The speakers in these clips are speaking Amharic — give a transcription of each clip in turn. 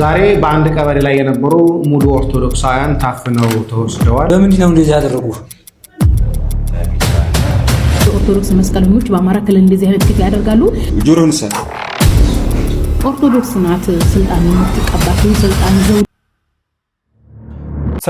ዛሬ በአንድ ቀበሌ ላይ የነበሩ ሙሉ ኦርቶዶክሳውያን ታፍነው ተወስደዋል። በምንድን ነው እንደዚህ ያደረጉ? ኦርቶዶክስ መስቀለኞች በአማራ ክልል እንደዚህ አይነት ግፍ ያደርጋሉ። ጆሮን ኦርቶዶክስ ናት ስልጣን የምትቀባት ስልጣን ዘው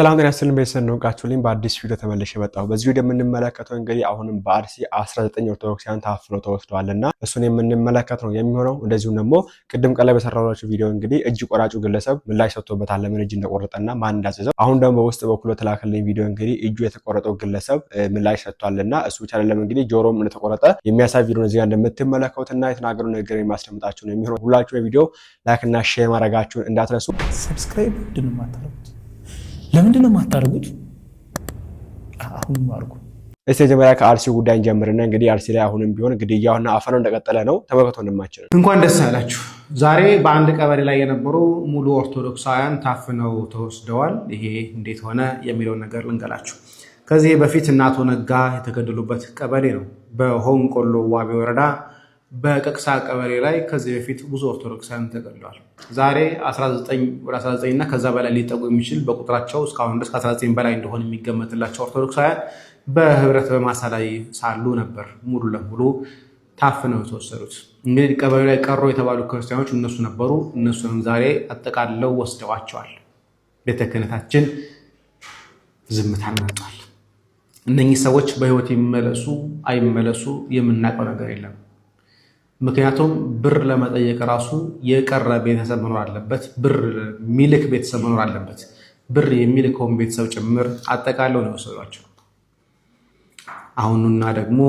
ሰላም ጤና ስልን ቤተሰብ ነው ልኝ በአዲስ ቪዲዮ ተመልሼ የመጣሁ በዚህ ቪዲዮ የምንመለከተው እንግዲህ አሁንም በአርሲ 19 ኦርቶዶክሲያን ኦርቶዶክሳውያን ተወስደዋል ተወስደዋልና እሱን የምንመለከት ነው የሚሆነው። እንደዚሁም ደግሞ ቅድም ቀላይ ላይ ቪዲዮ እንግዲህ እጅ ቆራጩ ግለሰብ ምላሽ ሰጥቶበታል፣ ለምን እጅ እንደቆረጠና ማን እንዳዘዘው። አሁን ደግሞ በውስጥ በኩል ተላከልኝ ቪዲዮ እንግዲህ እጁ የተቆረጠው ግለሰብ ምላሽ ሰጥቷልና እሱ ብቻ አይደለም እንግዲህ ጆሮም እንደተቆረጠ የሚያሳይ ቪዲዮ እዚህ ጋር እንደምትመለከቱትና የተናገሩ ነገር የሚያስደምጣቸው ነው የሚሆነው። ሁላችሁ የቪዲዮ ላይክና ሼር ማድረጋችሁን እንዳትረሱ። ሰብስክራይብ ድንማታረጉ ለምንድን ነው የማታደርጉት? አሁን አድርጉ። እስቲ መጀመሪያ ከአርሲው ጉዳይ ጀምርና እንግዲህ አርሲ ላይ አሁንም ቢሆን ግድያውና አፈናው እንደቀጠለ ነው። ተመልከቶ ወንድማችን እንኳን ደስ አላችሁ። ዛሬ በአንድ ቀበሌ ላይ የነበሩ ሙሉ ኦርቶዶክሳውያን ታፍነው ተወስደዋል። ይሄ እንዴት ሆነ የሚለውን ነገር ልንገላችሁ። ከዚህ በፊት እናቶ ነጋ የተገደሉበት ቀበሌ ነው በሆንቆሎ ዋቢ ወረዳ በቀቅሳ ቀበሌ ላይ ከዚህ በፊት ብዙ ኦርቶዶክሳውያን ተገድለዋል። ዛሬ 19 እና ከዛ በላይ ሊጠጉ የሚችል በቁጥራቸው እስካሁን ድረስ ከ19 በላይ እንደሆነ የሚገመትላቸው ኦርቶዶክሳውያን በህብረት በማሳ ላይ ሳሉ ነበር ሙሉ ለሙሉ ታፍነው የተወሰዱት። እንግዲህ ቀበሌ ላይ ቀሮ የተባሉ ክርስቲያኖች እነሱ ነበሩ። እነሱንም ዛሬ አጠቃልለው ወስደዋቸዋል። ቤተ ክህነታችን ዝምታን መርጧል። እነኚህ ሰዎች በህይወት ይመለሱ አይመለሱ የምናውቀው ነገር የለም። ምክንያቱም ብር ለመጠየቅ ራሱ የቀረ ቤተሰብ መኖር አለበት። ብር ሚልክ ቤተሰብ መኖር አለበት። ብር የሚልከውን ቤተሰብ ጭምር አጠቃለው ነው የወሰዷቸው። አሁኑና ደግሞ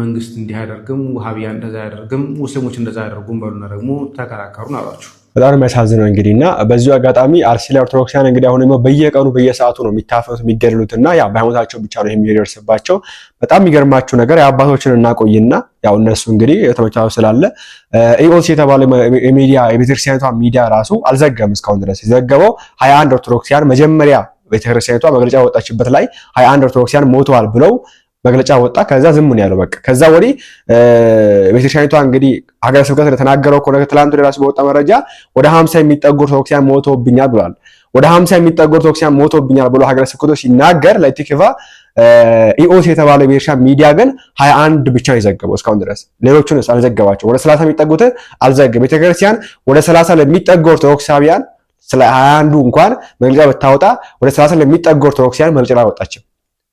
መንግስት እንዲህ አያደርግም፣ ውሃቢያ እንደዛ አያደርግም፣ ሙስሊሞች እንደዛ አያደርጉም በሉና ደግሞ ተከራከሩን አሏቸው። በጣም የሚያሳዝነው እንግዲህ እና በዚሁ አጋጣሚ አርሲ ላይ ኦርቶዶክሳን እንግዲህ አሁን ደግሞ በየቀኑ በየሰዓቱ ነው የሚታፈኑት የሚገድሉት፣ እና ያ በሃይማኖታቸው ብቻ ነው የሚደርስባቸው። በጣም የሚገርማችሁ ነገር የአባቶችን እናቆይና ያው እነሱ እንግዲህ ተመቻቸው ስላለ ኤኦሲ የተባለ የሚዲያ የቤተክርስቲያኒቷ ሚዲያ ራሱ አልዘገም እስካሁን ድረስ የዘገበው ሀያ አንድ ኦርቶዶክሲያን መጀመሪያ ቤተክርስቲያኒቷ መግለጫ ወጣችበት ላይ ሀያ አንድ ኦርቶዶክሲያን ሞተዋል ብለው መግለጫ ወጣ። ከዛ ዝም ነው ያለው። በቃ ከዛ ወዲህ ቤተክርስቲያኒቷ እንግዲህ ሀገረ ስብከት እንደተናገረው ከሆነ ትላንት ወደ ራሱ በወጣ መረጃ ወደ ሀምሳ የሚጠጉ ኦርቶዶክሲያን ሞቶብኛል ብሏል። ወደ ሀምሳ የሚጠጉ ኦርቶዶክሲያን ሞቶብኛል ብሎ ሀገረ ስብከቱ ሲናገር ለቲክቫ ኢኦስ የተባለ ቤርሻ ሚዲያ ግን ሀያ አንድ ብቻ ነው የዘገበው እስካሁን ድረስ ሌሎቹን አልዘገባቸው። ወደ ሰላሳ የሚጠጉት አልዘገበ ቤተክርስቲያን ወደ ሰላሳ ለሚጠጉ ኦርቶዶክሳውያን ስለ ሀያ አንዱ እንኳን መግለጫ ብታወጣ ወደ ሰላሳ ለሚጠጉ ኦርቶዶክሲያን መግለጫ አላወጣችም።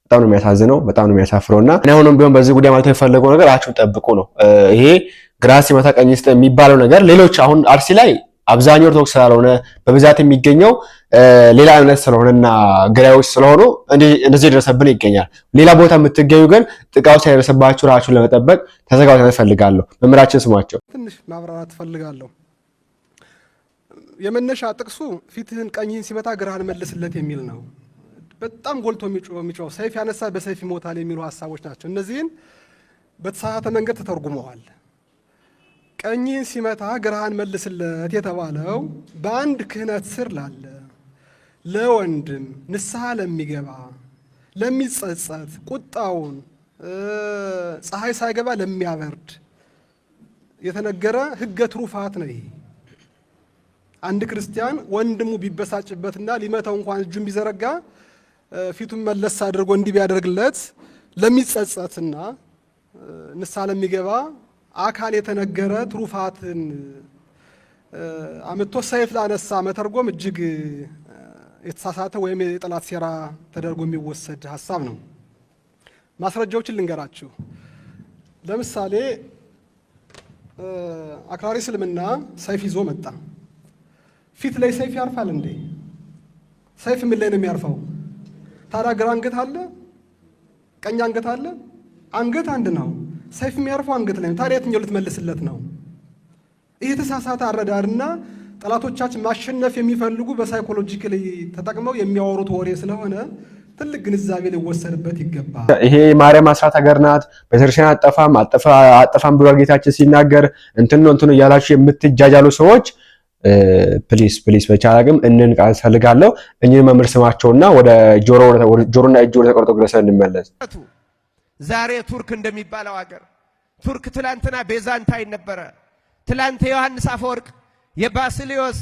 በጣም ነው የሚያሳዝነው፣ በጣም ነው የሚያሳፍረው እና እኔ አሁንም ቢሆን በዚህ ጉዳይ ማለት የፈለገው ነገር አችሁን ጠብቁ ነው ይሄ ግራ ሲመታ ቀኝ ስጥ የሚባለው ነገር። ሌሎች አሁን አርሲ ላይ አብዛኛው ኦርቶዶክስ ስላልሆነ በብዛት የሚገኘው ሌላ እምነት ስለሆነና ግራዎች ስለሆኑ እንደዚህ የደረሰብን ይገኛል። ሌላ ቦታ የምትገኙ ግን ጥቃው ሳይደረሰባችሁ ራሳችሁን ለመጠበቅ ተዘጋጅታችሁ እፈልጋለሁ። መምህራችን ስሟቸው ትንሽ ማብራራት እፈልጋለሁ። የመነሻ ጥቅሱ ፊትህን ቀኝህን ሲመታ ግራህን መልስለት የሚል ነው። በጣም ጎልቶ የሚጮው ሰይፍ ያነሳ በሰይፍ ይሞታል የሚሉ ሀሳቦች ናቸው። እነዚህን በተሳሳተ መንገድ ተተርጉመዋል። ቀኝህን ሲመታ ግራህን መልስለት የተባለው በአንድ ክህነት ስር ላለ ለወንድም ንስሐ ለሚገባ ለሚጸጸት፣ ቁጣውን ፀሐይ ሳይገባ ለሚያበርድ የተነገረ ህገ ትሩፋት ነው። ይሄ አንድ ክርስቲያን ወንድሙ ቢበሳጭበትና ሊመታው እንኳን እጁን ቢዘረጋ ፊቱን መለስ አድርጎ እንዲህ ቢያደርግለት ለሚጸጸትና ንስሐ ለሚገባ አካል የተነገረ ትሩፋትን አምጥቶ ሰይፍ ላነሳ መተርጎም እጅግ የተሳሳተ ወይም የጠላት ሴራ ተደርጎ የሚወሰድ ሀሳብ ነው። ማስረጃዎችን ልንገራችሁ። ለምሳሌ አክራሪ እስልምና ሰይፍ ይዞ መጣ። ፊት ላይ ሰይፍ ያርፋል እንዴ? ሰይፍ ምን ላይ ነው የሚያርፈው? ታዲያ ግራ አንገት አለ፣ ቀኝ አንገት አለ። አንገት አንድ ነው። ሰይፍ የሚያርፈው አንገት ላይ ነው። ታዲያ የትኛው ልትመልስለት ነው? ይህ የተሳሳተ አረዳድና ጠላቶቻችን ማሸነፍ የሚፈልጉ በሳይኮሎጂክል ተጠቅመው የሚያወሩት ወሬ ስለሆነ ትልቅ ግንዛቤ ሊወሰድበት ይገባል። ይሄ ማርያም አስራት ሀገር ናት፣ ቤተክርስቲያን አጠፋም አጠፋም ብሏል ጌታችን ሲናገር። እንትን ነው እንትን እያላችሁ የምትጃጃሉ ሰዎች ፕሊስ ፕሊስ በቻለ ግን እንን ቃል ፈልጋለሁ እኚህን መምህር ስማቸውና ወደ ጆሮና እጅ ወደ ተቆርጦ ግለሰብ እንመለስ። ዛሬ ቱርክ እንደሚባለው ሀገር ቱርክ ትላንትና ቤዛንታይን ነበረ። ትላንት የዮሐንስ አፈወርቅ፣ የባስሊዮስ፣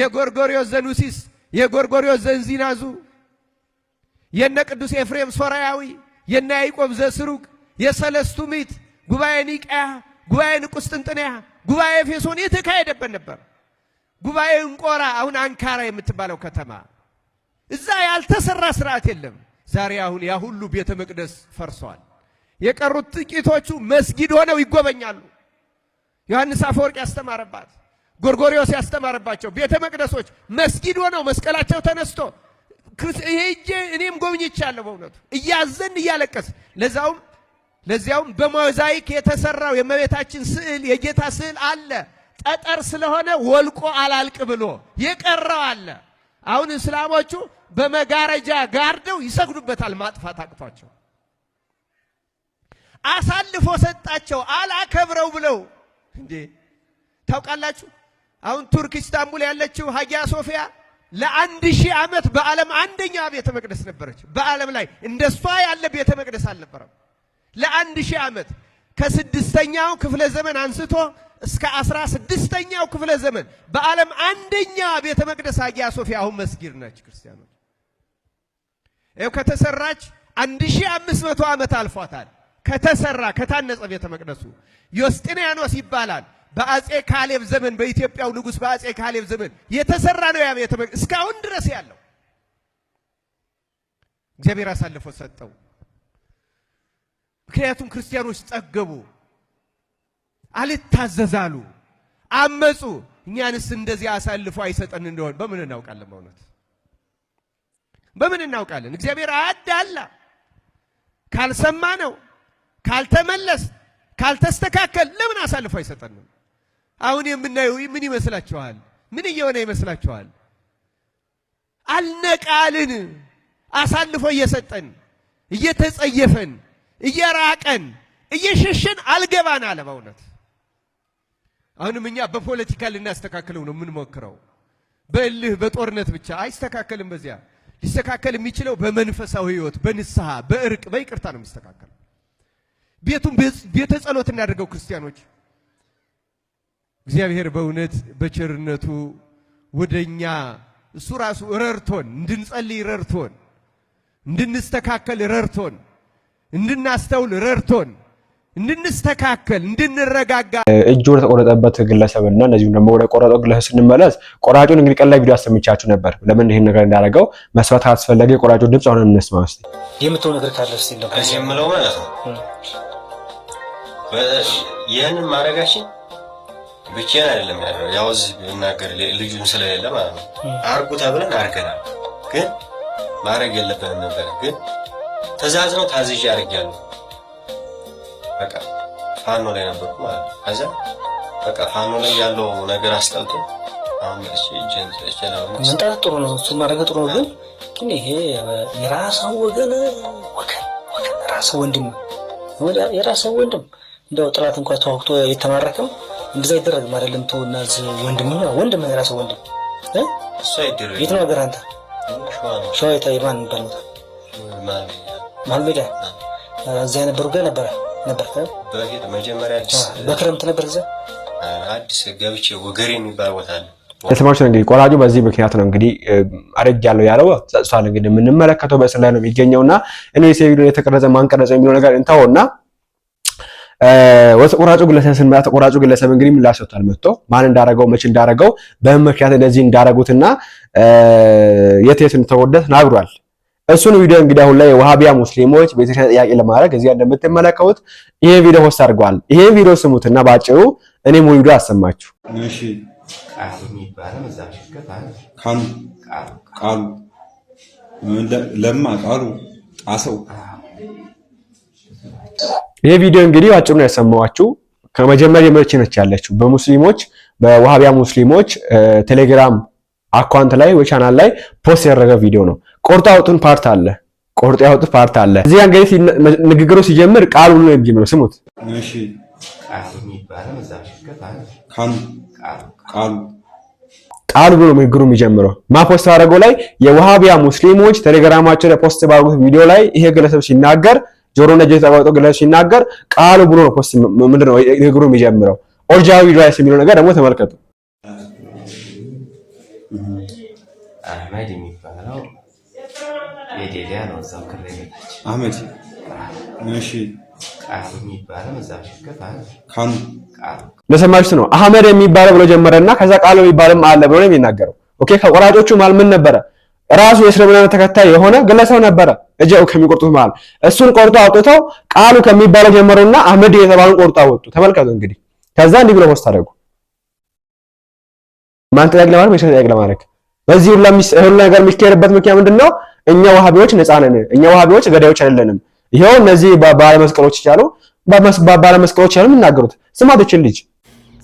የጎርጎሪዮስ ዘኑሲስ፣ የጎርጎሪዮስ ዘንዚናዙ፣ የነ ቅዱስ ኤፍሬም ሶራያዊ፣ የነ ያዕቆብ ዘስሩግ፣ የሰለስቱ ምዕት ጉባኤ ኒቃያ፣ ጉባኤ ቁስጥንጥንያ፣ ጉባኤ ኤፌሶን የተካሄደበት ነበር። ጉባኤ እንቆራ አሁን አንካራ የምትባለው ከተማ እዛ ያልተሰራ ስርዓት የለም። ዛሬ አሁን ያ ሁሉ ቤተ መቅደስ ፈርሷል። የቀሩት ጥቂቶቹ መስጊድ ሆነው ይጎበኛሉ። ዮሐንስ አፈወርቅ ያስተማረባት ጎርጎሪዎስ ያስተማረባቸው ቤተ መቅደሶች መስጊድ ሆነው መስቀላቸው ተነስቶ ሄጄ እኔም ጎብኝቻለሁ። በእውነቱ እያዘን እያለቀስ ለዛውም ለዚያውም በሞዛይክ የተሰራው የእመቤታችን ስዕል የጌታ ስዕል አለ። ጠጠር ስለሆነ ወልቆ አላልቅ ብሎ የቀረው አለ። አሁን እስላሞቹ በመጋረጃ ጋርደው ይሰግዱበታል ማጥፋት አቅቷቸው። አሳልፎ ሰጣቸው አላከብረው ብለው እንዴ ታውቃላችሁ። አሁን ቱርክ ኢስታንቡል ያለችው ሀጊያ ሶፊያ ለአንድ ሺህ ዓመት በዓለም አንደኛ ቤተ መቅደስ ነበረች። በዓለም ላይ እንደሷ ያለ ቤተ መቅደስ አልነበረም። ለአንድ ሺህ ዓመት ከስድስተኛው ክፍለ ዘመን አንስቶ እስከ አስራ ስድስተኛው ክፍለ ዘመን በዓለም አንደኛ ቤተ መቅደስ አጊያ ሶፊያ አሁን መስጊድ ነች። ክርስቲያኖች ይኸው ከተሰራች 1500 ዓመት አልፏታል። ከተሰራ ከታነጸ ቤተ መቅደሱ ዮስጢንያኖስ ይባላል። በአጼ ካሌብ ዘመን በኢትዮጵያው ንጉሥ በአጼ ካሌብ ዘመን የተሰራ ነው ያ ቤተ መቅደስ እስካሁን ድረስ ያለው እግዚአብሔር አሳልፎ ሰጠው። ምክንያቱም ክርስቲያኖች ጠገቡ። አልታዘዛሉ፣ አመፁ። እኛንስ እንደዚህ አሳልፎ አይሰጠን እንደሆን በምን እናውቃለን? በእውነት በምን እናውቃለን? እግዚአብሔር አዳላ። ካልሰማ ነው ካልተመለስ ካልተስተካከል ለምን አሳልፎ አይሰጠንም? አሁን የምናየው ምን ይመስላችኋል? ምን እየሆነ ይመስላችኋል? አልነቃልን። አሳልፎ እየሰጠን እየተጸየፈን እየራቀን እየሸሸን አልገባን አለ በእውነት አሁንም እኛ በፖለቲካ ልናስተካክለው ነው የምንሞክረው። በእልህ በጦርነት ብቻ አይስተካከልም። በዚያ ሊስተካከል የሚችለው በመንፈሳዊ ህይወት በንስሐ፣ በእርቅ፣ በይቅርታ ነው የሚስተካከል። ቤቱን ቤተ ጸሎት እናደርገው ክርስቲያኖች። እግዚአብሔር በእውነት በቸርነቱ ወደኛ እሱ ራሱ ረርቶን እንድንጸልይ ረርቶን እንድንስተካከል ረርቶን እንድናስተውል ረርቶን እንድንስተካከል እንድንረጋጋ እጅ ወደ ተቆረጠበት ግለሰብ እና እንደዚሁም ደግሞ ወደ ቆረጠው ግለሰብ ስንመለስ ቆራጩን እንግዲህ ቀላይ ቪዲዮ አሰምቻችሁ ነበር። ለምን ይህን ነገር እንዳደረገው መስራት አስፈለገ። የቆራጩን ድምፅ አሁን እንስማ ስ የምትሆ ነገር ካለ የምለው ማለት ነው። ይህን ማድረጋችን ብቻዬን አይደለም ያለው ያው እዚህ ብናገር ልጁን ስለሌለ ማለት ነው። አርጉ ተብለን አርገናል፣ ግን ማድረግ የለብንም ነበር። ግን ተዛዝ ነው ታዝዤ ያለው በቃ ፋኖ ላይ ነበርኩ ማለት ነው። ከዚያ በቃ ፋኖ ላይ ያለው ነገር አስጠልቶ አሁን መንጣት ጥሩ ነው፣ እሱ ማድረግ ጥሩ ነው። ግን ግን ይሄ የራስህ ወገን ወገን ወገን ራስህ ወንድም የራስህ ወንድም እንደው ጥላት እንኳ ተዋግቶ የተማረከም እንደዛ አይደረግም አይደለም። ተውና ወንድም ወንድም የራስህ ወንድም የት ነው ሀገር አንተ ሸዋ ማን ባልሞታ ማልሜዳ እዚያ የነበሩ ጋር ነበረ ነበር መጀመሪያ በክረምት ነበር። እዛ አዲስ ገብቼ ወገሬ የሚባል ቦታ አለ። ለተማሪዎች እንግዲህ ቆራጁ በዚህ ምክንያት ነው እንግዲህ አረግ ያለው ያለው ተጻጽፏል። እንግዲህ የምንመለከተው በስዕል ላይ ነው የሚገኘውና እኔ የተቀረጸ የሚለው ነገር እንታውና ግለሰብ ስንመጣ ተቆራጩ ግለሰብ እንግዲህ ምላሽ ሰጥቷል። መጥቶ ማን እንዳረገው መቼ እንዳረገው በምን ምክንያት እንደዚህ እንዳረጉትና የት የት እንደተወደደ ተናግሯል። እሱን ቪዲዮ እንግዲህ አሁን ላይ የዋሃቢያ ሙስሊሞች ቤተክርስቲያን ጥያቄ ለማድረግ እዚያ እንደምትመለከቱት ይሄን ቪዲዮ ሆስት አድርጓል። ይሄን ቪዲዮ ስሙትና ባጭሩ እኔ ሙሉ ቪዲዮ አሰማችሁ። እሺ ቃሉ የሚባለው እዛ ሽከታ ካሉ ቃሉ ለማ ቃሉ ጣሰው ይሄ ቪዲዮ እንግዲህ አጭሩ ነው ያሰማዋችሁ። ከመጀመሪያ የመቼ ያለችው በሙስሊሞች በዋሃቢያ ሙስሊሞች ቴሌግራም አካውንት ላይ ወይ ቻናል ላይ ፖስት ያደረገ ቪዲዮ ነው። ቆርጦ አውጡን ፓርት አለ። ቆርጦ ያውጡት ፓርት አለ። እዚህ እንግዲህ ንግግሩ ሲጀምር ቃሉ ነው የሚጀምረው። ስሙት። እሺ ቃሉ ብሎ ንግግሩ የሚጀምረው ማፖስት አደረገው ላይ የዋሃቢያ ሙስሊሞች ቴሌግራማቸው ላይ ፖስት ባደረጉት ቪዲዮ ላይ ይሄ ግለሰብ ሲናገር ጆሮ ነጀ ተባውጦ ግለሰብ ሲናገር ቃሉ ብሎ ነው ፖስት ምንድነው ንግግሩ የሚጀምረው። ኦጃዊ ድራይስ የሚለው ነገር ደግሞ ተመልከቱ። አህመድ የሚባለው የዴዲያ ነው፣ እዛው ክር በታች አህመድ። እሺ ቃሉ የሚባለው እዛው ሽገፋ ካሉ ነው። አህመድ የሚባለው ብሎ ጀመረ እና ከዛ ቃሉ የሚባልም አለ ብሎ የሚናገረው። ኦኬ ከቆራጮቹ ማል ምን ነበረ? ራሱ የእስልምና ተከታይ የሆነ ግለሰብ ነበረ። እጀው ከሚቆርጡት መሃል እሱን ቆርጦ አውጥተው ቃሉ ከሚባለው ጀመሩና አህመድ የተባሉን ቆርጦ አወጡ። ተመልከቱ እንግዲህ ከዛ እንዲህ ብሎ ፖስት አደረጉ ማን ተጠያቂ ለማድረግ ቤተክርስቲያን ተጠያቂ ለማድረግ። በዚህ ሁሉ ነገር የሚካሄድበት ምክንያት ምንድነው? እኛ ዋሃቢዎች ነፃ ነን፣ እኛ ዋሃቢዎች ገዳዮች አይደለንም። ይኸው እነዚህ ባለመስቀሎች ያሉ ባለመስቀሎች ያሉ የሚናገሩት ስማቶችን ልጅ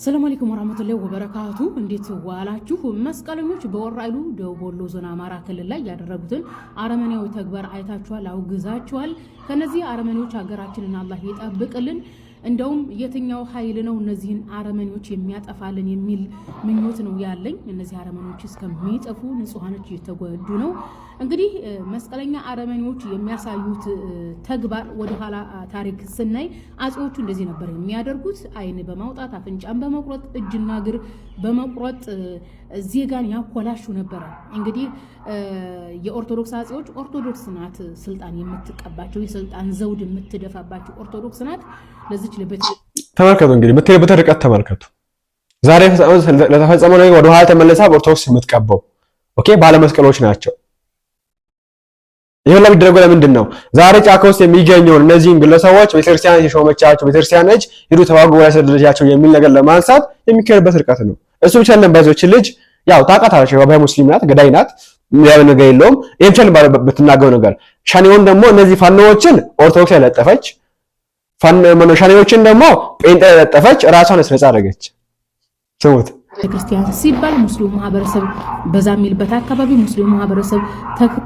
ሰላም አለይኩም ወራህመቱላሂ ወበረካቱ። እንዴት ዋላችሁ? መስቀለኞች በወራይሉ ደቡብ ወሎ ዞን አማራ ክልል ላይ ያደረጉትን አረመኔያዊ ተግባር አይታችኋል፣ አውግዛችኋል። ከነዚህ አረመኔዎች ሀገራችንን አላህ ይጠብቅልን። እንደውም የትኛው ኃይል ነው እነዚህን አረመኔዎች የሚያጠፋልን የሚል ምኞት ነው ያለኝ። እነዚህ አረመኔዎች እስከሚጠፉ ንጹሐኖች እየተጎዱ ነው። እንግዲህ መስቀለኛ አረመኔዎች የሚያሳዩት ተግባር ወደኋላ ታሪክ ስናይ አጼዎቹ እንደዚህ ነበር የሚያደርጉት። አይን በማውጣት አፍንጫን በመቁረጥ እጅና እግር በመቁረጥ ዜጋን ያኮላሹ ነበረ። እንግዲህ የኦርቶዶክስ አፄዎች ኦርቶዶክስ ናት ስልጣን የምትቀባቸው የስልጣን ዘውድ የምትደፋባቸው ኦርቶዶክስ ናት። ለዚች ልበት ተመልከቱ፣ እንግዲህ የምትሄድበትን ርቀት ተመልከቱ። ዛሬ ለተፈጸመ ነገር ወደኋላ ተመለሳ ኦርቶዶክስ የምትቀባው ኦኬ ባለመስቀሎች ናቸው ይህ ለሚደረገው ለምንድን ነው? ዛሬ ጫካ ውስጥ የሚገኘውን እነዚህን ግለሰቦች ቤተክርስቲያን የሾመቻቸው ቤተክርስቲያን ነች ሂዱ ተዋጉ ላይ ሰደደቻቸው የሚል ነገር ለማንሳት የሚካሄድበት ርቀት ነው። እሱ ብቻ ባይዞች ልጅ ያው ታውቃታለች፣ ሙስሊም ናት፣ ገዳይ ናት፣ ያብ ነገር የለውም። ይህም ብቻ በምትናገረው ነገር ሻኔውን ደግሞ እነዚህ ፋኖዎችን ኦርቶዶክስ ያለጠፈች ሻኔዎችን ደግሞ ጴንጤ ያለጠፈች ራሷን ነጻ አደረገች። ስሙት ቤተክርስቲያን ሲባል ሙስሊሙ ማህበረሰብ በዛ የሚልበት አካባቢ ሙስሊሙ ማህበረሰብ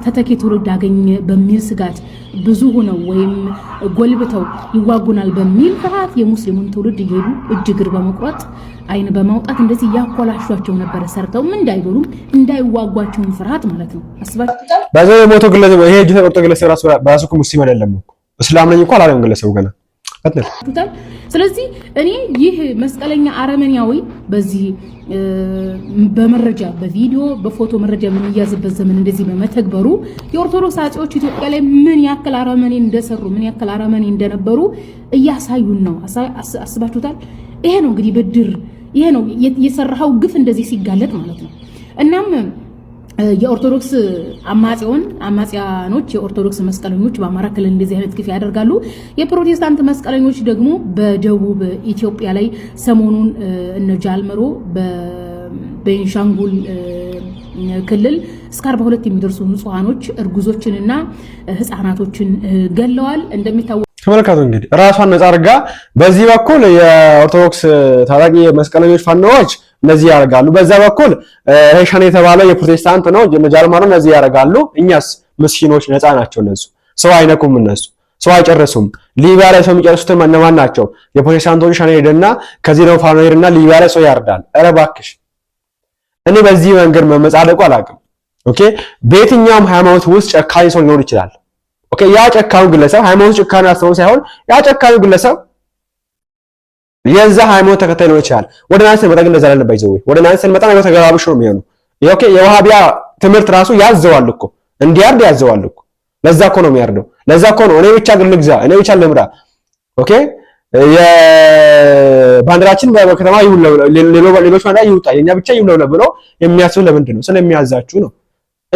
ተተኪ ትውልድ አገኘ በሚል ስጋት ብዙ ሆነው ወይም ጎልብተው ይዋጉናል በሚል ፍርሃት የሙስሊሙን ትውልድ እየሄዱ እጅ እግር በመቁረጥ አይን በማውጣት እንደዚህ እያኮላሿቸው ነበረ። ሰርተውም እንዳይበሉም እንዳይዋጓቸውን ፍርሃት ማለት ነው። አስባቸው በዛ የሞተው ግለሰብ ይሄ እጅ ተቆርጦ ግለሰብ ራሱ በራሱ ሙስሊም አይደለም። እስላም ነኝ እኮ አላለም ግለሰቡ ገና አትነፍታል። ስለዚህ እኔ ይህ መስቀለኛ አረመኔያዊ በዚህ በመረጃ በቪዲዮ በፎቶ መረጃ በሚያዝበት ዘመን እንደዚህ በመተግበሩ የኦርቶዶክስ አጼዎች ኢትዮጵያ ላይ ምን ያክል አረመኔ እንደሰሩ ምን ያክል አረመኔ እንደነበሩ እያሳዩን ነው። አስባችሁታል? ይሄ ነው እንግዲህ ብድር፣ ይሄ ነው የሰራኸው ግፍ እንደዚህ ሲጋለጥ ማለት ነው እናም የኦርቶዶክስ አማጽዮን አማጽያኖች የኦርቶዶክስ መስቀለኞች በአማራ ክልል እንደዚህ አይነት ግፍ ያደርጋሉ። የፕሮቴስታንት መስቀለኞች ደግሞ በደቡብ ኢትዮጵያ ላይ ሰሞኑን እነ ጃልመሮ በቤንሻንጉል ክልል እስከ ሁለት የሚደርሱ ንጹሐኖች እርጉዞችንና ህፃናቶችን ገለዋል እንደሚታወ ተመልከቱ እንግዲህ ራሷን ነጻ አድርጋ በዚህ በኩል የኦርቶዶክስ ታጣቂ መስቀለኞች ፋኖዎች እነዚህ ያደርጋሉ። በዛ በኩል ሸኔ የተባለው የፕሮቴስታንት ነው ጃልማ እነዚህ ያደርጋሉ። እኛስ ምስኪኖች ነፃ ናቸው። እነሱ ሰው አይነኩም፣ እነሱ ሰው አይጨርሱም። ሊቢያ ላይ ሰው የሚጨርሱትን እነማን ናቸው? የፕሮቴስታንቶች ሸኔ ሄደና ከዚህ ነው ፋኖ ሄድና ሊቢያ ላይ ሰው ያርዳል። ኧረ እባክሽ እኔ በዚህ መንገድ መመጻደቁ አላውቅም። ኦኬ በየትኛውም ሃይማኖት ውስጥ ጨካኝ ሰው ሊኖር ይችላል። ኦኬ ያ ጨካኙ ግለሰብ ሃይማኖት ጭካኔ አስተው ሳይሆን ያ ጨካኙ ግለሰብ የዛ ሃይማኖት ተከታይ ነው ይችላል። ወደ ናንስ ስንመጣ ግን እንደዛ አይደለም። ባይዘው ወደ ናንስ ስንመጣ ነው ተገባብሽ ነው የሚሆነው። ኦኬ የዋሃቢያ ትምህርት ራሱ ያዘዋል እኮ እንዲያርድ ያዘዋል እኮ። ለዛ እኮ ነው የሚያርደው። ለዛ እኮ ነው እኔ ብቻ ግን ልግዛ፣ እኔ ብቻ ልምራ። ኦኬ የባንዲራችን በከተማ ይውለብለብ ሌሎች ባንዲራ ይውጣ፣ የኛ ብቻ ይሁን ለብሎ የሚያስብ ለምንድን ነው? ስለሚያዛችሁ ነው።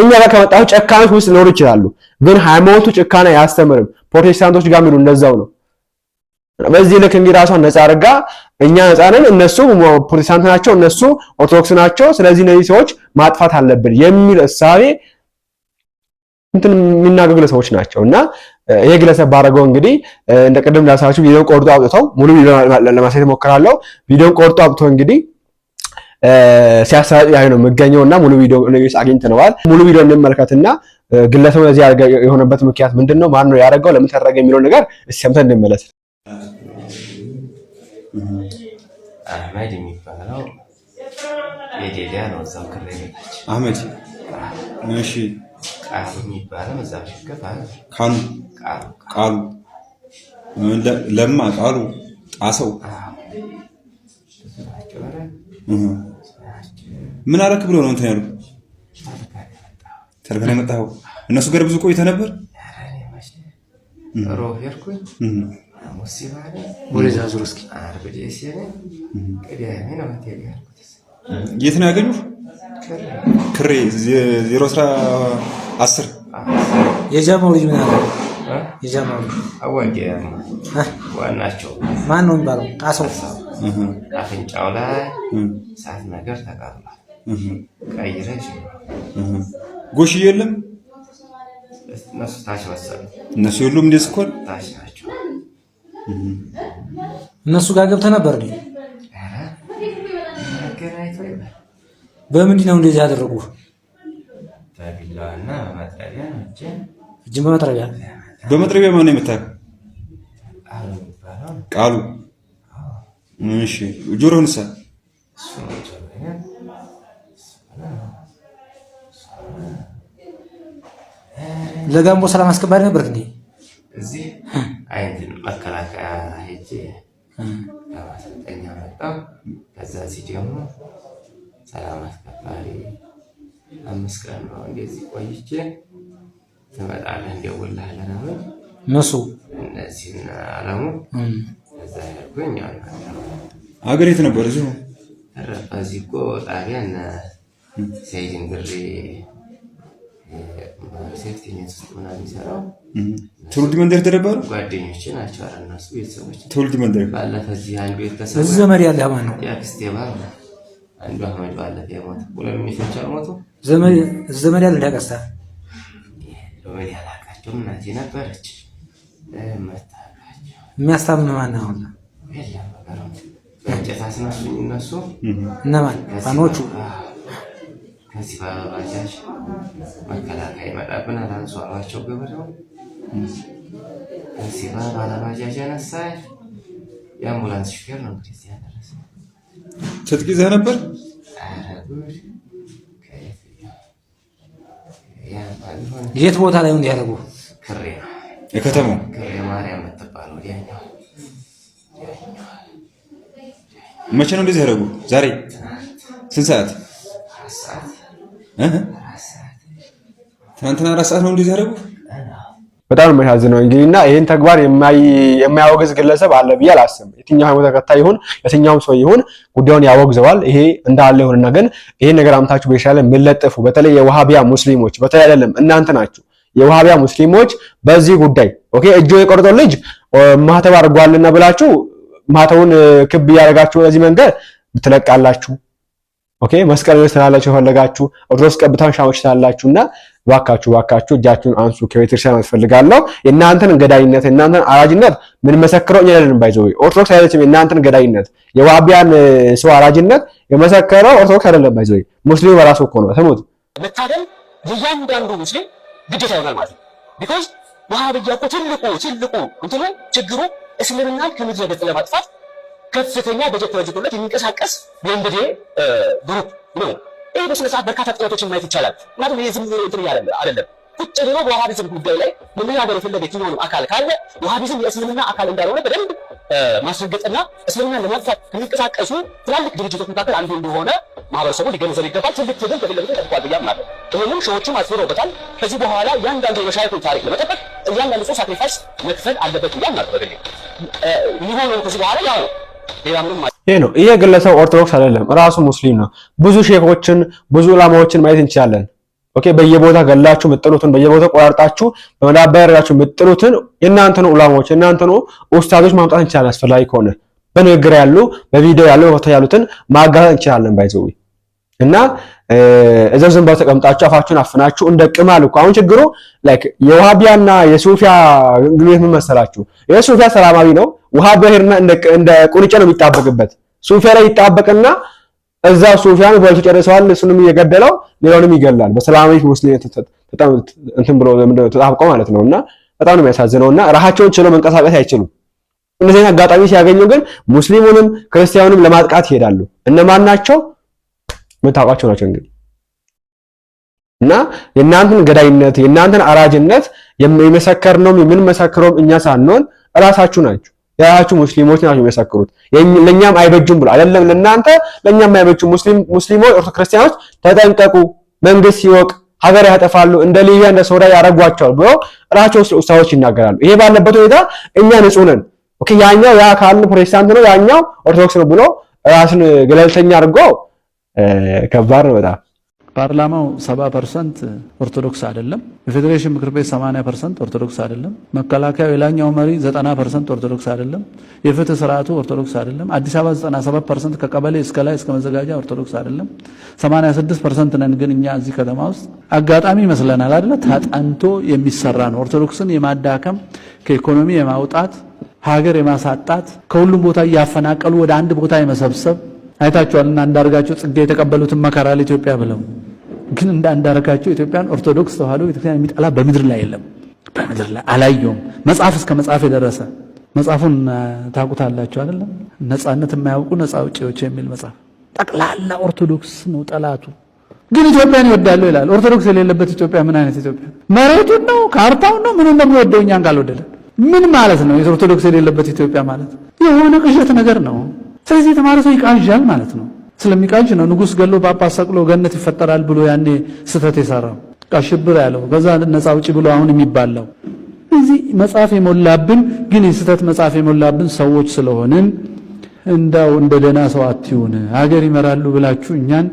እኛ ጋር ከመጣሁ ጨካኖች ውስጥ ሊኖሩ ይችላሉ፣ ግን ሃይማኖቱ ጭካኔ አያስተምርም። ፕሮቴስታንቶች ጋር የሚሉ እንደዛው ነው። በዚህ ልክ እንግዲህ ራሷን ነፃ አድርጋ እኛ ነፃ ነን፣ እነሱ ፕሮቴስታንት ናቸው፣ እነሱ ኦርቶዶክስ ናቸው፣ ስለዚህ እነዚህ ሰዎች ማጥፋት አለብን የሚል እሳቤ እንትን የሚናገሩ ግለሰቦች ናቸው። እና ይሄ ግለሰብ ባደረገው እንግዲህ እንደ ቅድም ላሳችሁ ቪዲዮን ቆርጦ አውጥተው ሙሉ ቪዲዮ ለማሳየት ሞክራለሁ። ቪዲዮን ቆርጦ አውጥተው እንግዲህ ሲያሰራጭ ያዩ ነው የሚገኘው እና ሙሉ ቪዲዮ ኔጌስ አግኝተነዋል። ሙሉ ቪዲዮ እንመልከትና ግለሰቡ ለዚህ የሆነበት ምክንያት ምንድን ነው? ማን ነው ያደረገው? ለምን ተደረገ? የሚለው ነገር እስኪ ሰምተን እንመለስ። አህመድ የሚባለው የዴሊያ ነው። እዛው ክሬ ቤታች አህመድ እሺ። ቃሉ የሚባለው እዛው ሽገፋ ካሉ ቃሉ ለማ ቃሉ ጣሰው ምን አረክ ብሎ ነው እንትን ያሉ ተርገን የመጣው እነሱ ጋር ብዙ ቆይተ ነበር። የት ነው ያገኙ? ክሬ ዜሮ ስራ አስር የጃማው ልጅ ምን አለ? የጃማው ልጅ አዋቂ ዋናቸው ማን ነው የሚባለው? ጣሰው አፍንጫው ላይ ነገር ተቃጥሏል። ቀይረች ጎሽ የለም እነሱ ታች መሰሉ እነሱ የሉም እንደ ስኮል ታች ናቸው። እነሱ ጋር ገብተህ ነበር በምንድን ነው እንደዚህ ያደረጉ? እጅን በመጥረቢያ በመጥረቢያ ማነው የመታህ? ቃሉ እሺ ጆሮህንሳ ለጋንቦ ሰላም አስከባሪ ነበር እንዴ? እዚህ አይንትን መከላከያ ሄጄ ማሰልጠኛ መጣሁ። ከዛ ደግሞ ሰላም አስከባሪ አምስት ቀን ነው እንደዚህ ቆይቼ ትመጣለህ እንደውልሃለን አሉኝ። እነሱ እነዚህን አለሙ ከዛ ያልኩኝ አገር የት ነበር? እዚሁ እዚህ እኮ ጣቢያ ሰይድን ብሬ ሴፍቲ ውስጥ ምናምን የሚሰራው ትውልድ መንደር ተደባሉ ጓደኞች ናቸው። ኧረ እነሱ ቤተሰቦች ትውልድ መንደር ባለፈ እዚህ አንዱ ዘመድ ያለ ማን ነው? የአክስቴ ባል አንዱ አህመድ ባለፈ የሞተ ዘመድ ያለ እንዳቀሳ ዘመድ ያላቃቸው እናቴ ነበረች የሚያስታምን ማን ነው? የለም በእንጨት እነሱ እነማን ፋኖቹ ከዚህ ባጃጅ መከላከያ ይመጣብናል አንሱ አሏቸው። ገበሬው ከዚህ ያነሳ የአምቡላንስ ሹፌር ነው እንግዲህ እዚህ ያደረሰ። ትጥቅ ይዘህ ነበር? የት ቦታ ላይ እንዲህ ያደረጉ? ክሬ ነው የከተማው ክሬ ማርያም የምትባል ያኛው። መቼ ነው እንደዚህ ያደረጉ? ዛሬ ስንት ሰዓት ትናንትና አራት ሰዓት ነው እንደዚህ ያደረጉ። በጣም የሚያሳዝነው እንግዲህ እና ይህን ተግባር የማያወግዝ ግለሰብ አለ ብዬ አላስብም። የትኛው ሃይማኖት ተከታይ ይሁን የትኛውም ሰው ይሁን ጉዳዩን ያወግዘዋል። ይሄ እንዳለ ይሁንና ግን ይሄን ነገር አምታችሁ በሻለ የምለጠፉ በተለይ የዋሃቢያ ሙስሊሞች በተለይ አይደለም እናንተ ናችሁ የዋሃቢያ ሙስሊሞች በዚህ ጉዳይ ኦኬ እጆ የቆረጠው ልጅ ማህተብ አድርጓልና ብላችሁ ማህተቡን ክብ እያደረጋችሁ በዚህ መንገድ ትለቃላችሁ ኦኬ መስቀል ስላላችሁ የፈለጋችሁ ኦርቶዶክስ ቀብታን ሻሞች ስላላችሁ እና ባካችሁ ባካችሁ እጃችሁን አንሱ። ከቤተክርስቲያን አስፈልጋለሁ የእናንተን እንገዳይነት የእናንተን አራጅነት ምን መሰክረው እኛ ያለን ባይዘው ኦርቶዶክስ አይደለችም። የእናንተን ገዳይነት የዋቢያን ሰው አራጅነት የመሰከረው ኦርቶዶክስ አይደለም። ባይዘው ሙስሊም በራሱ እኮ ነው ተሙት መታደል የእያንዳንዱ ሙስሊም ግዴታ ይሆናል ማለት ነው። ቢኮዝ ዋሃብያ እኮ ትልቁ ትልቁ እንትኑ ችግሩ እስልምናን ከምድረ ገጽ ለማጥፋት ከፍተኛ በጀት ተበጅቶለት የሚንቀሳቀስ የወንበዴ ግሩፕ ነው። ይህ በስነ ስርዓት በርካታ ጥረቶችን ማየት ይቻላል። ምክንያቱም ይህ ዝም ብሎ እንትን አይደለም። ቁጭ ብሎ በዋሃቢዝም ጉዳይ ላይ መነጋገር የፈለገ የትኛውንም አካል ካለ ዋሃቢዝም የእስልምና አካል እንዳልሆነ በደንብ ማስረገጥና እስልምናን ለማጥፋት ከሚንቀሳቀሱ ትላልቅ ድርጅቶች መካከል አንዱ እንደሆነ ማህበረሰቡ ሊገነዘብ ይገባል። ትልቅ ትግል ከፊት ለፊት ተደርጓል ብዬ አምናለሁ። ይህንም ሸዎቹም አስፍረውበታል። ከዚህ በኋላ እያንዳንዱ የመሻይኩን ታሪክ ለመጠበቅ እያንዳንዱ ሰው ሳክሪፋይስ መክፈል አለበት ብዬ አምናለሁ። በግሌ የሚሆነው ከዚህ በኋላ ያው ነው ይሄ ነው። ይህ ግለሰብ ኦርቶዶክስ አይደለም፣ ራሱ ሙስሊም ነው። ብዙ ሼኮችን ብዙ ዑላማዎችን ማየት እንችላለን። ኦኬ፣ በየቦታ ገላችሁ ምጥሉትን በየቦታ ቆራርጣችሁ በመዳበር ያላችሁ ምጥሉትን የእናንተኑ ዑላማዎች ነው ኡስታዞች ማምጣት እንችላለን። አስፈላጊ ከሆነ በንግግር ያሉ በቪዲዮ ያሉ ያሉትን ማጋራት እንችላለን ባይዘው እና እዛ ዘንበር ተቀምጣችሁ አፋችሁን አፍናችሁ እንደ ቅማል እኮ አሁን ችግሩ ላይክ የውሃቢያና የሱፊያ ግንኙነት ምን መሰላችሁ? የሱፊያ ሰላማዊ ነው። ውሃቢያ ሄድና እንደ ቁንጨ ነው የሚጣበቅበት። ሱፊያ ላይ ይጣበቅና እዛ ሱፊያን ወይ ጨርሰዋል። እሱንም እየገደለው ሌላውንም ይገላል። በሰላማዊ ሙስሊም በጣም እንትን ብሎ ተጣብቆ ማለት ነውና በጣም ነው የሚያሳዝነውና ራሳቸውን ችለው መንቀሳቀስ አይችሉም። እነዚህን አጋጣሚ ሲያገኙ ግን ሙስሊሙንም ክርስቲያኑንም ለማጥቃት ይሄዳሉ። እነማን ናቸው? የምታውቋቸው ናቸው እንግዲህ እና የእናንተን ገዳይነት የእናንተን አራጅነት ምን የምንመሰክረውም እኛ ሳንሆን እራሳችሁ ናችሁ። የራሳችሁ ሙስሊሞች ናቸው የሚመሰክሩት። ለእኛም አይበጁም ብሎ አይደለም ለእናንተ ለእኛም ሙስሊም ሙስሊሞች ኦርቶዶክስ ክርስቲያኖች ተጠንቀቁ፣ መንግስት ሲወቅ ሀገር ያጠፋሉ፣ እንደ ሊቢያ እንደ ሶሪያ ያደርጓቸዋል ብሎ እራቸው ውሳዎች ይናገራሉ። ይሄ ባለበት ሁኔታ እኛ ንጹህ ነን፣ ያኛው ያ ካልን ፕሮቴስታንት ነው ያኛው ኦርቶዶክስ ነው ብሎ ራስን ገለልተኛ አድርጎ ከባድ ነው በጣም። ፓርላማው 70 ፐርሰንት ኦርቶዶክስ አይደለም። የፌዴሬሽን ምክር ቤት 80 ፐርሰንት ኦርቶዶክስ አይደለም። መከላከያው የላኛው መሪ 90 ፐርሰንት ኦርቶዶክስ አይደለም። የፍትህ ስርዓቱ ኦርቶዶክስ አይደለም። አዲስ አበባ 97 ፐርሰንት ከቀበሌ እስከ ላይ እስከ መዘጋጃ ኦርቶዶክስ አይደለም። 86 ፐርሰንት ነን። ግን እኛ እዚህ ከተማ ውስጥ አጋጣሚ ይመስለናል አይደለ? ታጠንቶ የሚሰራ ነው። ኦርቶዶክስን የማዳከም ከኢኮኖሚ የማውጣት ሀገር የማሳጣት ከሁሉም ቦታ እያፈናቀሉ ወደ አንድ ቦታ የመሰብሰብ አይታችኋልና አንዳርጋቸው ጽጌ የተቀበሉትን መከራ ለኢትዮጵያ ብለው ግን እንደ አንዳርጋቸው ኢትዮጵያን ኦርቶዶክስ ተዋህዶ ቤተክርስቲያን የሚጠላ በምድር ላይ የለም። በምድር ላይ አላየውም። መጽሐፍ እስከ መጽሐፍ የደረሰ መጽሐፉን ታውቁታላችሁ አይደለም? ነጻነት የማያውቁ ነፃ የሚል መጽሐፍ ጠቅላላ ኦርቶዶክስ ነው ጠላቱ። ግን ኢትዮጵያን ይወዳሉ ይላል። ኦርቶዶክስ የሌለበት ኢትዮጵያ ምን አይነት ኢትዮጵያ? መሬቱን ነው ካርታውን ነው ምኑን ነው የሚወደው? እኛን ካልወደደ ምን ማለት ነው? ኦርቶዶክስ የሌለበት ኢትዮጵያ ማለት የሆነ ቅዠት ነገር ነው። ስለዚህ የተማረ ሰው ይቃዣል ማለት ነው። ስለሚቃዥ ነው ንጉሥ ገሎ ጳጳስ ሰቅሎ ገነት ይፈጠራል ብሎ ያኔ ስህተት የሰራው ሽብር ያለው ከዛ ነፃ አውጪ ብሎ አሁን የሚባለው እዚህ መጽሐፍ የሞላብን ግን የስህተት መጽሐፍ የሞላብን ሰዎች ስለሆንን እንዳው እንደ ደህና ሰው አትዩን። ሀገር ይመራሉ ብላችሁ እኛን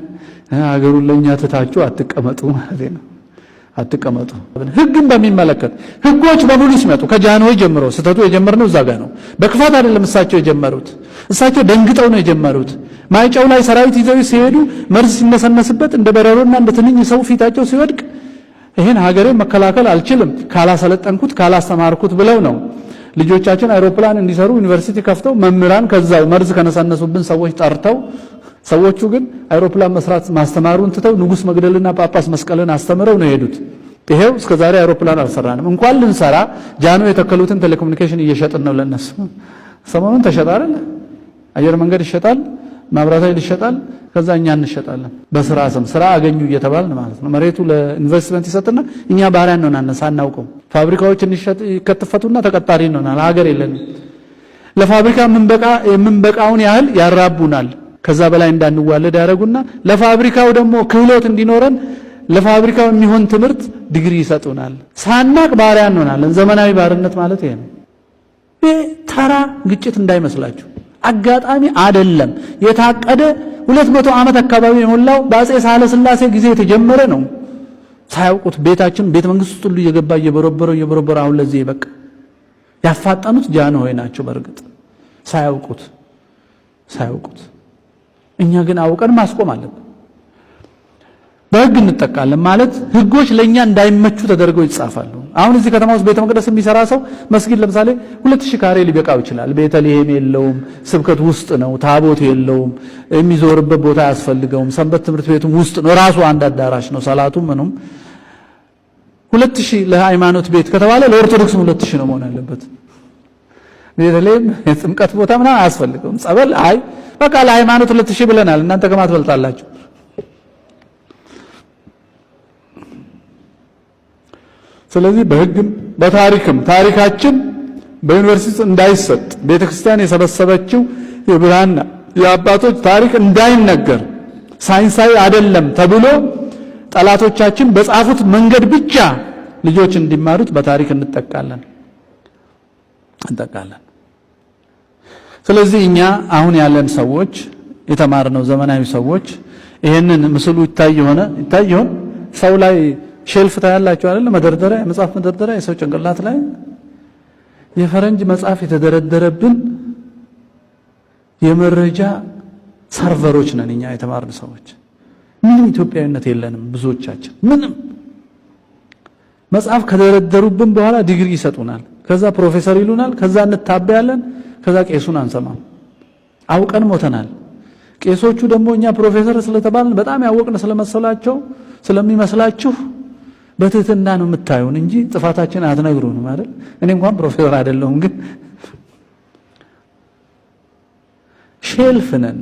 ሀገሩን ለእኛ ትታችሁ አትቀመጡ ማለት ነው። አትቀመጡ። ህግን በሚመለከት ህጎች በሙሉ ሲመጡ ከጃንሆይ ጀምሮ ስህተቱ የጀመርነው እዛ ጋ ነው። በክፋት አይደለም እሳቸው የጀመሩት፣ እሳቸው ደንግጠው ነው የጀመሩት። ማይጨው ላይ ሰራዊት ይዘው ሲሄዱ መርዝ ሲነሰነስበት እንደ በረሮና እንደ ትንኝ ሰው ፊታቸው ሲወድቅ ይህን ሀገሬ መከላከል አልችልም ካላሰለጠንኩት ካላስተማርኩት ብለው ነው ልጆቻችን አይሮፕላን እንዲሰሩ ዩኒቨርሲቲ ከፍተው መምህራን ከዛው መርዝ ከነሳነሱብን ሰዎች ጠርተው ሰዎቹ ግን አይሮፕላን መስራት ማስተማሩን ትተው ንጉሥ መግደልና ጳጳስ መስቀልን አስተምረው ነው የሄዱት። ይሄው እስከዛሬ አይሮፕላን አልሰራንም። እንኳን ልንሰራ ጃኖ የተከሉትን ቴሌኮሙኒኬሽን እየሸጥን ነው ለነሱ። ሰሞኑን ተሸጠ አይደል? አየር መንገድ ይሸጣል፣ መብራት ኃይል ይሸጣል። ከዛ እኛ እንሸጣለን በስራ ስም ስራ አገኙ እየተባልን ማለት ነው። መሬቱ ለኢንቨስትመንት ይሰጥና እኛ ባሪያ እንሆናለን ሳናውቀው። ፋብሪካዎች እንሸጥ ከተፈቱና ተቀጣሪ እንሆናለን። ሀገር የለንም። ለፋብሪካ የምንበቃውን ያህል ያራቡናል። ከዛ በላይ እንዳንዋለድ ያደረጉና ለፋብሪካው ደግሞ ክህሎት እንዲኖረን ለፋብሪካው የሚሆን ትምህርት ዲግሪ ይሰጡናል። ሳናቅ ባሪያ እንሆናለን። ዘመናዊ ባርነት ማለት ይሄ ነው። ተራ ግጭት እንዳይመስላችሁ፣ አጋጣሚ አደለም። የታቀደ ሁለት መቶ ዓመት አካባቢ የሞላው በአጼ ሳህለ ሥላሴ ጊዜ የተጀመረ ነው። ሳያውቁት ቤታችን ቤተ መንግስት ሁሉ እየገባ እየበረበረው እየበረበረው አሁን ለዚህ በቃ ያፋጠኑት ጃንሆይ ናቸው። በእርግጥ ሳያውቁት ሳያውቁት እኛ ግን አውቀን ማስቆም አለብን። በህግ እንጠቃለን ማለት ህጎች ለእኛ እንዳይመቹ ተደርገው ይጻፋሉ። አሁን እዚህ ከተማ ውስጥ ቤተ መቅደስ የሚሰራ ሰው መስጊድ ለምሳሌ ሁለት ሺህ ካሬ ሊበቃው ይችላል። ቤተልሔም የለውም፣ ስብከት ውስጥ ነው፣ ታቦት የለውም፣ የሚዞርበት ቦታ አያስፈልገውም፣ ሰንበት ትምህርት ቤቱም ውስጥ ነው፣ ራሱ አንድ አዳራሽ ነው፣ ሰላቱ ምኑም። ሁለት ሺህ ለሃይማኖት ቤት ከተባለ ለኦርቶዶክስም ሁለት ሺህ ነው መሆን ያለበት። ቤተልሔም የጥምቀት ቦታ ምናምን አያስፈልገውም፣ ጸበል አይ በቃ ለሃይማኖት ሁለት ሺህ ብለናል። እናንተ ከማ ትበልጣላችሁ? ስለዚህ በህግም በታሪክም ታሪካችን በዩኒቨርሲቲ እንዳይሰጥ ቤተክርስቲያን የሰበሰበችው የብርሃና የአባቶች ታሪክ እንዳይነገር ሳይንሳዊ አይደለም ተብሎ ጠላቶቻችን በጻፉት መንገድ ብቻ ልጆች እንዲማሩት በታሪክ እንጠቃለን እንጠቃለን። ስለዚህ እኛ አሁን ያለን ሰዎች የተማርነው ዘመናዊ ሰዎች ይሄንን ምስሉ ይታይ የሆነ ይታይ ይሆን ሰው ላይ ሼልፍ ታያላችሁ አይደል? መደርደሪያ መጽሐፍ መደርደሪያ የሰው ጭንቅላት ላይ የፈረንጅ መጽሐፍ የተደረደረብን የመረጃ ሰርቨሮች ነን እኛ የተማርን ሰዎች። ምንም ኢትዮጵያዊነት የለንም ብዙዎቻችን። ምንም መጽሐፍ ከደረደሩብን በኋላ ዲግሪ ይሰጡናል። ከዛ ፕሮፌሰር ይሉናል። ከዛ እንታበያለን። ከዛ ቄሱን አንሰማም። አውቀን ሞተናል። ቄሶቹ ደግሞ እኛ ፕሮፌሰር ስለተባልን በጣም ያወቅን ስለመሰላቸው ስለሚመስላችሁ በትህትና ነው የምታዩን እንጂ ጥፋታችን አትነግሩን ማለት እኔ እንኳን ፕሮፌሰር አይደለሁም ግን ሼልፍ ነን።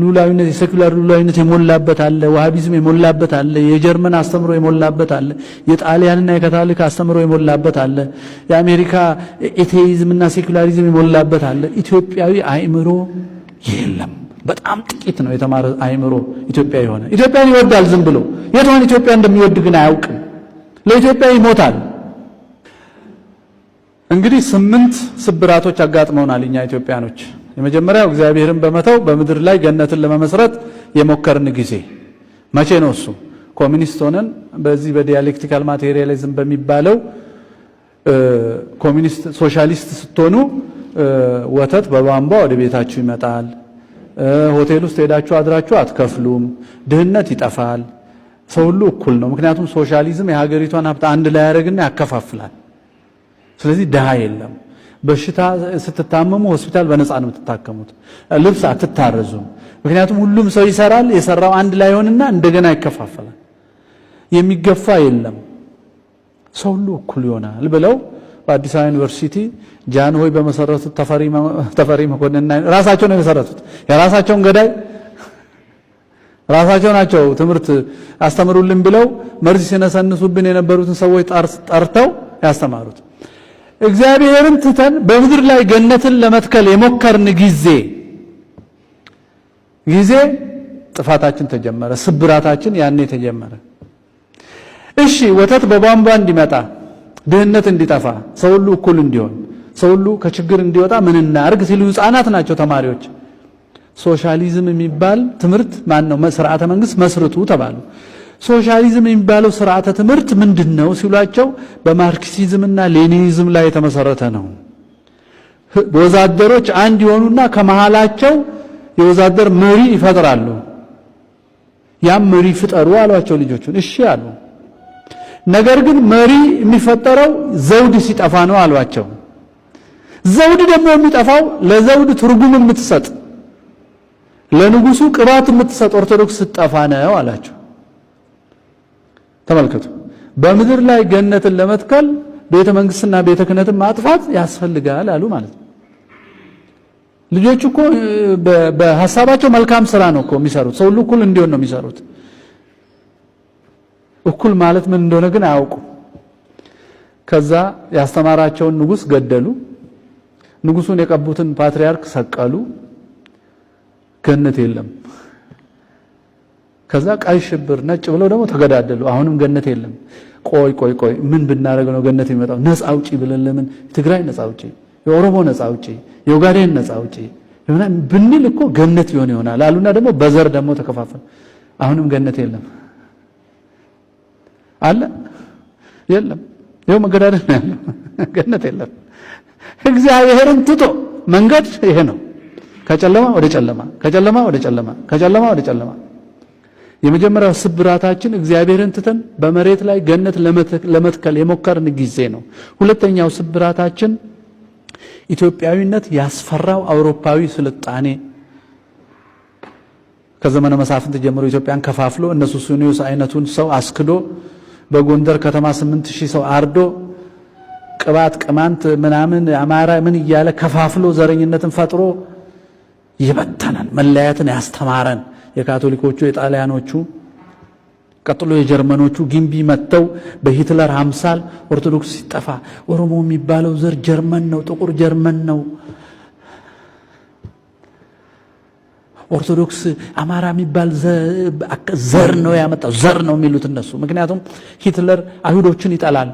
ሉላዊነት የሰኩላር ሉላዊነት የሞላበት አለ፣ ዋሃቢዝም የሞላበት አለ፣ የጀርመን አስተምሮ የሞላበት አለ፣ የጣሊያንና የካታሊክ አስተምሮ የሞላበት አለ፣ የአሜሪካ ኤቴይዝምና ሴኩላሪዝም የሞላበት አለ። ኢትዮጵያዊ አይምሮ የለም። በጣም ጥቂት ነው የተማረ አይምሮ ኢትዮጵያ የሆነ ኢትዮጵያን ይወዳል ዝም ብሎ የትሆን ኢትዮጵያ እንደሚወድ ግን አያውቅም። ለኢትዮጵያ ይሞታል። እንግዲህ ስምንት ስብራቶች አጋጥመውናል እኛ ኢትዮጵያኖች። የመጀመሪያው እግዚአብሔርን በመተው በምድር ላይ ገነትን ለመመስረት የሞከርን ጊዜ መቼ ነው? እሱ ኮሚኒስት ሆነን በዚህ በዲያሌክቲካል ማቴሪያሊዝም በሚባለው ኮሚኒስት ሶሻሊስት ስትሆኑ ወተት በቧንቧ ወደ ቤታችሁ ይመጣል። ሆቴል ውስጥ ሄዳችሁ አድራችሁ አትከፍሉም። ድህነት ይጠፋል። ሰው ሁሉ እኩል ነው። ምክንያቱም ሶሻሊዝም የሀገሪቷን ሀብት አንድ ላይ ያደርግና ያከፋፍላል። ስለዚህ ድሃ የለም። በሽታ ስትታመሙ ሆስፒታል በነፃ ነው የምትታከሙት። ልብስ አትታረዙም። ምክንያቱም ሁሉም ሰው ይሰራል። የሰራው አንድ ላይ ሆንና እንደገና ይከፋፈላል። የሚገፋ የለም፣ ሰው ሁሉ እኩል ይሆናል ብለው በአዲስ አበባ ዩኒቨርሲቲ ጃንሆይ በመሰረቱት ተፈሪ መኮንንና ራሳቸው ነው የመሰረቱት። የራሳቸውን ገዳይ ራሳቸው ናቸው ትምህርት አስተምሩልን ብለው መርዝ ሲነሰንሱብን የነበሩትን ሰዎች ጠርተው ያስተማሩት። እግዚአብሔርን ትተን በምድር ላይ ገነትን ለመትከል የሞከርን ጊዜ ጊዜ ጥፋታችን ተጀመረ፣ ስብራታችን ያኔ ተጀመረ። እሺ ወተት በቧንቧ እንዲመጣ፣ ድህነት እንዲጠፋ፣ ሰው ሁሉ እኩል እንዲሆን፣ ሰው ሁሉ ከችግር እንዲወጣ ምን እናርግ ሲሉ ህፃናት ናቸው ተማሪዎች ሶሻሊዝም የሚባል ትምህርት ማን ነው ስርዓተ መንግስት መስርቱ ተባሉ። ሶሻሊዝም የሚባለው ስርዓተ ትምህርት ምንድን ነው ሲሏቸው በማርክሲዝምና ሌኒኒዝም ላይ የተመሰረተ ነው። ወዛደሮች አንድ የሆኑና ከመሃላቸው የወዛደር መሪ ይፈጥራሉ። ያም መሪ ፍጠሩ አሏቸው ልጆቹን። እሺ አሉ። ነገር ግን መሪ የሚፈጠረው ዘውድ ሲጠፋ ነው አሏቸው። ዘውድ ደግሞ የሚጠፋው ለዘውድ ትርጉም የምትሰጥ ለንጉሱ ቅባት የምትሰጥ ኦርቶዶክስ ስትጠፋ ነው አላቸው። ተመልከቱ። በምድር ላይ ገነትን ለመትከል ቤተ መንግስትና ቤተ ክህነትን ማጥፋት ያስፈልጋል አሉ ማለት ነው። ልጆች እኮ በሀሳባቸው መልካም ስራ ነው እኮ የሚሰሩት። ሰው ሁሉ እኩል እንዲሆን ነው የሚሰሩት። እኩል ማለት ምን እንደሆነ ግን አያውቁም። ከዛ ያስተማራቸውን ንጉስ ገደሉ። ንጉሱን የቀቡትን ፓትርያርክ ሰቀሉ። ገነት የለም። ከዛ ቀይ ሽብር ነጭ ብለው ደግሞ ተገዳደሉ። አሁንም ገነት የለም። ቆይ ቆይ ቆይ ምን ብናደርግ ነው ገነት የሚመጣው? ነፃ አውጪ ብለን ለምን ትግራይ ነፃ አውጪ፣ የኦሮሞ ነፃ አውጪ፣ የኦጋዴን ነፃ አውጪ ብንል እኮ ገነት ይሆን ይሆናል አሉና ደግሞ በዘር ደግሞ ተከፋፈል። አሁንም ገነት የለም አለ የለም። ይኸው መገዳደል ነው ያለው። ገነት የለም። እግዚአብሔርን ትቶ መንገድ ይሄ ነው። ከጨለማ ወደ ጨለማ፣ ከጨለማ ወደ ጨለማ፣ ከጨለማ ወደ ጨለማ የመጀመሪያው ስብራታችን እግዚአብሔርን ትተን በመሬት ላይ ገነት ለመትከል የሞከርን ጊዜ ነው። ሁለተኛው ስብራታችን ኢትዮጵያዊነት ያስፈራው አውሮፓዊ ስልጣኔ ከዘመነ መሳፍንት ጀምሮ ኢትዮጵያን ከፋፍሎ እነ ሱኒዮስ አይነቱን ሰው አስክዶ በጎንደር ከተማ ስምንት ሰው አርዶ ቅባት ቅማንት ምናምን አማራ ምን እያለ ከፋፍሎ ዘረኝነትን ፈጥሮ የበተነን መለያየትን ያስተማረን የካቶሊኮቹ፣ የጣሊያኖቹ ቀጥሎ የጀርመኖቹ ግንቢ መጥተው በሂትለር አምሳል ኦርቶዶክስ ሲጠፋ ኦሮሞ የሚባለው ዘር ጀርመን ነው፣ ጥቁር ጀርመን ነው። ኦርቶዶክስ አማራ የሚባል ዘር ነው ያመጣው ዘር ነው የሚሉት እነሱ። ምክንያቱም ሂትለር አይሁዶችን ይጠላል።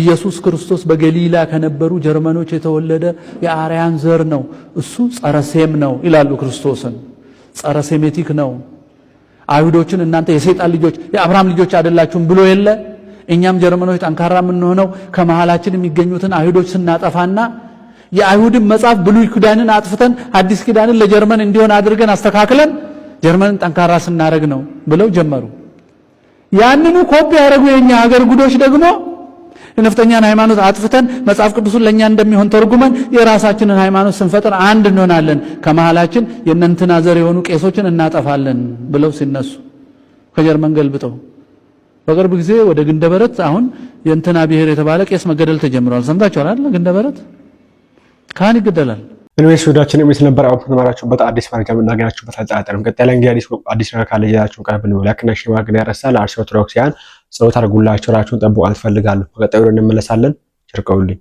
ኢየሱስ ክርስቶስ በገሊላ ከነበሩ ጀርመኖች የተወለደ የአርያን ዘር ነው፣ እሱ ጸረሴም ሴም ነው ይላሉ ክርስቶስን ጸረ ሴሜቲክ ነው። አይሁዶችን እናንተ የሰይጣን ልጆች የአብርሃም ልጆች አይደላችሁም ብሎ የለ። እኛም ጀርመኖች ጠንካራ የምንሆነው ከመሃላችን የሚገኙትን አይሁዶች ስናጠፋና የአይሁድን መጽሐፍ ብሉይ ኪዳንን አጥፍተን አዲስ ኪዳንን ለጀርመን እንዲሆን አድርገን አስተካክለን ጀርመንን ጠንካራ ስናደረግ ነው ብለው ጀመሩ። ያንኑ ኮፒ ያደረጉ የእኛ ሀገር ጉዶች ደግሞ የነፍጠኛን ሃይማኖት አጥፍተን መጽሐፍ ቅዱሱን ለእኛ እንደሚሆን ተርጉመን የራሳችንን ሃይማኖት ስንፈጥር አንድ እንሆናለን፣ ከመሃላችን የእነንትና ዘር የሆኑ ቄሶችን እናጠፋለን ብለው ሲነሱ ከጀርመን ገልብጠው በቅርብ ጊዜ ወደ ግንደበረት አሁን የእንትና ብሔር የተባለ ቄስ መገደል ተጀምሯል። ሰምታችኋል አይደል? ግንደበረት ካህን ይገደላል። እንግዲህ ወዳችን የሚል ነበር አሁን ተማራችሁበት አዲስ መረጃ የምናገኛችሁበት አልጠራጠርም። ቀጣይ ላይ እንግዲህ አዲስ መረጃ ካለ ይዛችሁ ቀርብ ነው። ላይክና ሼር ያረሳል እንዳይረሳ። ለአርሲ ጸሎት አድርጉላቸው። ራችሁን ጠብቁ። አልፈልጋለሁ። በቀጣዩ እንመለሳለን። ቸር